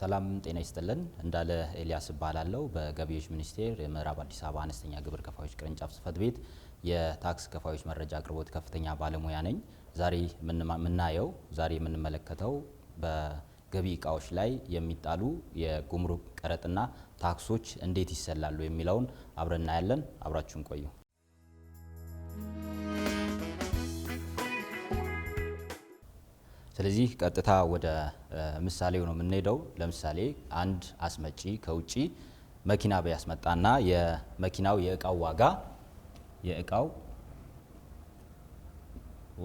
ሰላም ጤና ይስጥልን። እንዳለ ኤልያስ እባላለሁ። በገቢዎች ሚኒስቴር የምዕራብ አዲስ አበባ አነስተኛ ግብር ከፋዮች ቅርንጫፍ ጽህፈት ቤት የታክስ ከፋዮች መረጃ አቅርቦት ከፍተኛ ባለሙያ ነኝ። ዛሬ የምናየው ዛሬ የምንመለከተው በገቢ እቃዎች ላይ የሚጣሉ የጉምሩክ ቀረጥና ታክሶች እንዴት ይሰላሉ የሚለውን አብረን እናያለን። አብራችሁን ቆዩ። ስለዚህ ቀጥታ ወደ ምሳሌው ነው የምንሄደው። ለምሳሌ አንድ አስመጪ ከውጪ መኪና ቢያስመጣና የመኪናው የእቃው ዋጋ የእቃው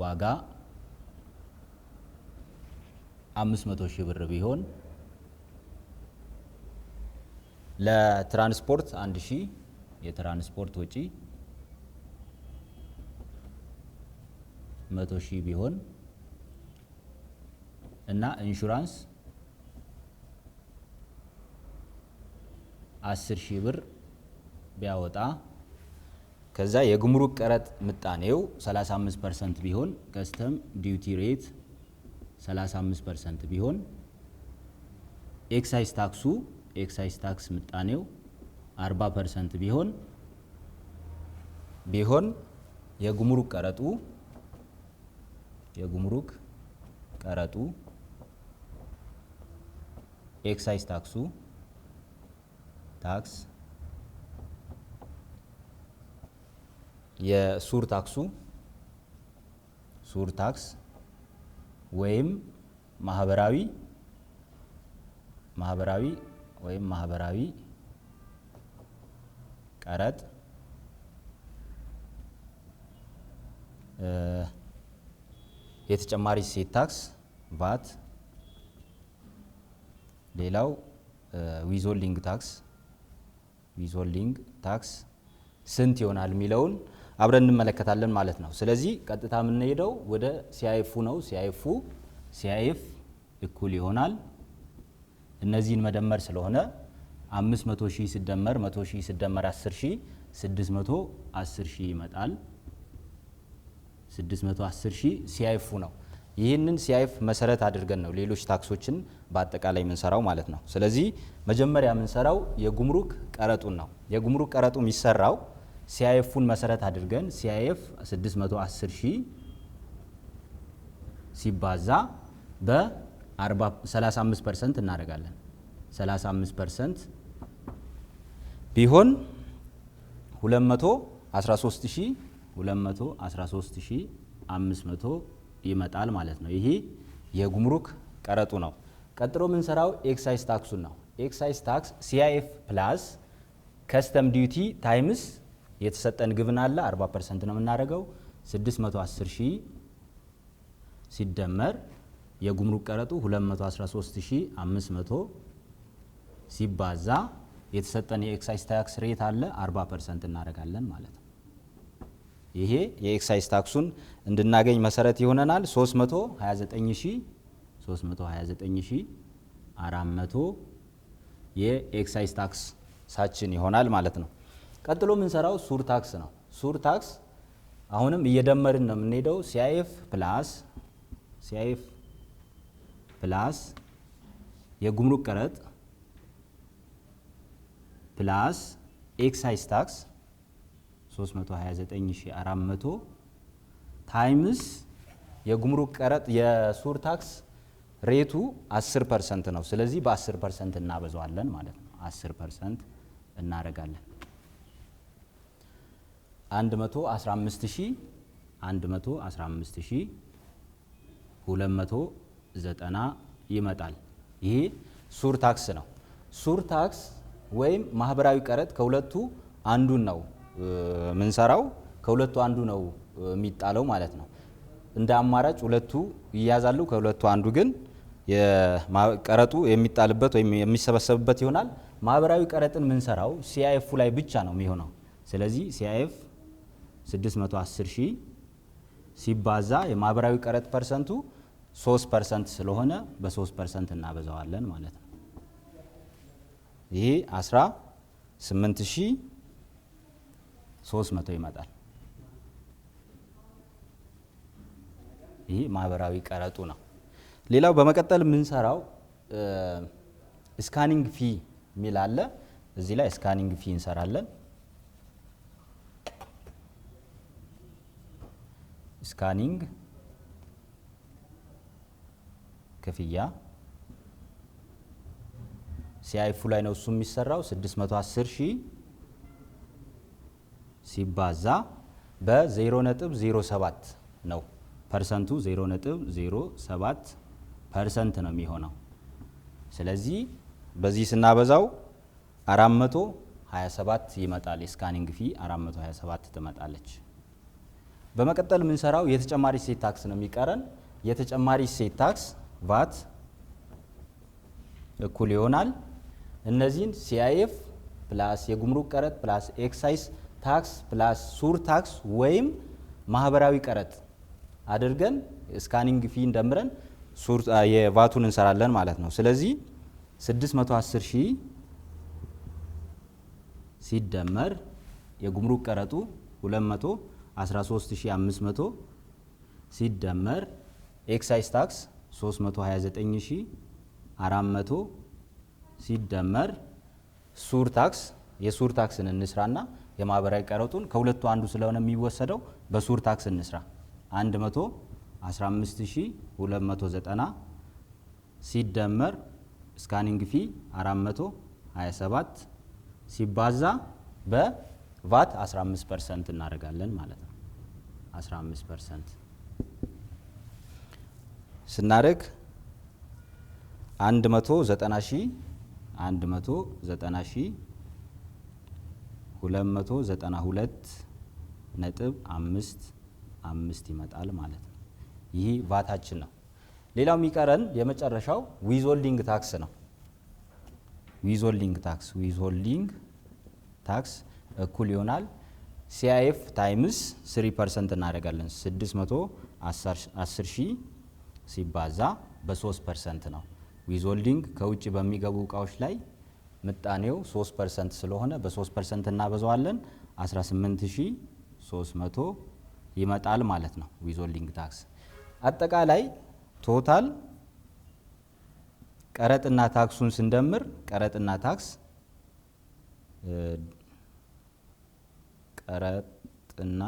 ዋጋ 500 ሺህ ብር ቢሆን ለትራንስፖርት ሺህ የትራንስፖርት ወጪ 100 ሺህ ቢሆን እና ኢንሹራንስ አስር ሺህ ብር ቢያወጣ ከዛ የጉምሩክ ቀረጥ ምጣኔው 35 ቢሆን ከስተም ዲዩቲ ሬት 35 ቢሆን ኤክሳይዝ ታክሱ ኤክሳይዝ ታክስ ምጣኔው 40 ቢሆን ቢሆን የጉምሩክ ቀረጡ የጉምሩክ ቀረጡ ኤክሳይዝ ታክሱ ታክስ የሱር ታክሱ ሱር ታክስ ወይም ማህበራዊ ማህበራዊ ወይም ማህበራዊ ቀረጥ የተጨማሪ ሴት ታክስ ቫት ሌላው ዊዞልዲንግ ታክስ ዊዞልዲንግ ታክስ ስንት ይሆናል የሚለውን አብረን እንመለከታለን ማለት ነው። ስለዚህ ቀጥታ የምንሄደው ወደ ሲአይፉ ነው። ሲአይፉ ሲአይፍ እኩል ይሆናል እነዚህን መደመር ስለሆነ 500 ሺህ ሲደመር 100 ሺህ ሲደመር 10 ሺህ 610 ሺህ ይመጣል። 610 ሺህ ሲአይፉ ነው። ይህንን ሲአይኤፍ መሰረት አድርገን ነው ሌሎች ታክሶችን በአጠቃላይ የምንሰራው ማለት ነው። ስለዚህ መጀመሪያ የምንሰራው የጉምሩክ ቀረጡን ነው። የጉምሩክ ቀረጡ የሚሰራው ሲአይኤፉን መሰረት አድርገን ሲአይኤፍ 610 ሺህ ሲባዛ በ35 ፐርሰንት እናደርጋለን። 35 ፐርሰንት ቢሆን 213 ሺህ 213 ሺህ 500 ይመጣል ማለት ነው። ይሄ የጉምሩክ ቀረጡ ነው። ቀጥሎ የምንሰራው ኤክሳይዝ ታክሱን ነው። ኤክሳይዝ ታክስ ሲአይኤፍ ፕላስ ከስተም ዲዩቲ ታይምስ የተሰጠን ግብን አለ 40 ፐርሰንት ነው የምናደርገው 610 ሺህ ሲደመር የጉምሩክ ቀረጡ 213500 ሲባዛ የተሰጠን የኤክሳይዝ ታክስ ሬት አለ 40 ፐርሰንት እናደርጋለን ማለት ነው። ይሄ የኤክሳይዝ ታክሱን እንድናገኝ መሰረት ይሆነናል። 329400 የኤክሳይዝ ታክስ ሳችን ይሆናል ማለት ነው። ቀጥሎ የምንሰራው ሱር ታክስ ነው። ሱር ታክስ አሁንም እየደመርን ነው የምንሄደው። ሲአይኤፍ ፕላስ ሲአይኤፍ ፕላስ የጉምሩክ ቀረጥ ፕላስ ኤክሳይዝ ታክስ 329400 ታይምስ የጉምሩክ ቀረጥ የሱር ታክስ ሬቱ 10 ፐርሰንት ነው። ስለዚህ በ10 ፐርሰንት እናበዛዋለን ማለት ነው። 10 ፐርሰንት እናደርጋለን 115290 ይመጣል። ይሄ ሱር ታክስ ነው። ሱር ታክስ ወይም ማህበራዊ ቀረጥ ከሁለቱ አንዱን ነው ምንሰራው ከሁለቱ አንዱ ነው የሚጣለው ማለት ነው። እንደ አማራጭ ሁለቱ ይያዛሉ። ከሁለቱ አንዱ ግን ቀረጡ የሚጣልበት ወይም የሚሰበሰብበት ይሆናል። ማህበራዊ ቀረጥን ምንሰራው ሲአይኤፉ ላይ ብቻ ነው የሚሆነው። ስለዚህ ሲአይኤፍ 610 ሺህ ሲባዛ የማህበራዊ ቀረጥ ፐርሰንቱ 3 ፐርሰንት ስለሆነ በ3 ፐርሰንት እናበዛዋለን ማለት ነው። ይሄ 18 ሺህ ሶስት መቶ ይመጣል። ይህ ማህበራዊ ቀረጡ ነው። ሌላው በመቀጠል የምንሰራው ስካኒንግ ፊ የሚል አለ። እዚህ ላይ ስካኒንግ ፊ እንሰራለን። ስካኒንግ ክፍያ ሲአይፉ ላይ ነው እሱ የሚሰራው 610 ሺህ ሲባዛ በ0.07 ነው። ፐርሰንቱ 0.07 ፐርሰንት ነው የሚሆነው። ስለዚህ በዚህ ስናበዛው 427 ይመጣል። የስካኒንግ ፊ 427 ትመጣለች። በመቀጠል የምንሰራው የተጨማሪ እሴት ታክስ ነው የሚቀረን። የተጨማሪ እሴት ታክስ ቫት እኩል ይሆናል እነዚህን ሲአይኤፍ ፕላስ የጉምሩክ ቀረጥ ፕላስ ኤክሳይስ ታክስ ፕላስ ሱር ታክስ ወይም ማህበራዊ ቀረጥ አድርገን ስካኒንግ ፊ እንደምረን የቫቱን እንሰራለን ማለት ነው። ስለዚህ 610 ሺህ ሲደመር የጉምሩክ ቀረጡ 213500 ሲደመር ኤክሳይዝ ታክስ 329400 ሲደመር ሱር ታክስ የሱር ታክስን እንስራና የማህበራዊ ቀረጡን ከሁለቱ አንዱ ስለሆነ የሚወሰደው በሱር ታክስ እንስራ 115290 ሲደመር ስካኒንግ ፊ 427 ሲባዛ በቫት 15 ፐርሰንት እናደርጋለን ማለት ነው። 15 ፐርሰንት ስናደርግ 190 190 ሁለት መቶ ዘጠና ሁለት ነጥብ አምስት አምስት ይመጣል ማለት ነው። ይህ ቫታችን ነው። ሌላው የሚቀረን የመጨረሻው ዊዝሆልዲንግ ታክስ ነው። ዊዝሆልዲንግ ታክስ ዊዝሆልዲንግ ታክስ እኩል ይሆናል ሲአይኤፍ ታይምስ 3 ፐርሰንት እናደርጋለን 610 ሺህ ሲባዛ በ3 ፐርሰንት ነው። ዊዝሆልዲንግ ከውጭ በሚገቡ እቃዎች ላይ ምጣኔው 3 ፐርሰንት ስለሆነ በ3 ፐርሰንት እናበዛዋለን 18300 ይመጣል ማለት ነው። ዊዞልዲንግ ታክስ አጠቃላይ ቶታል ቀረጥና ታክሱን ስንደምር ቀረጥና ታክስ ቀረጥና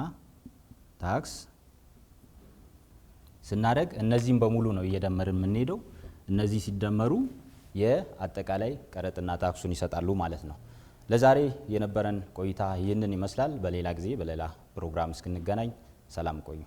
ታክስ ስናደርግ እነዚህም በሙሉ ነው እየደመርን የምንሄደው። እነዚህ ሲደመሩ የአጠቃላይ ቀረጥና ታክሱን ይሰጣሉ ማለት ነው። ለዛሬ የነበረን ቆይታ ይህንን ይመስላል። በሌላ ጊዜ በሌላ ፕሮግራም እስክንገናኝ ሰላም ቆዩ።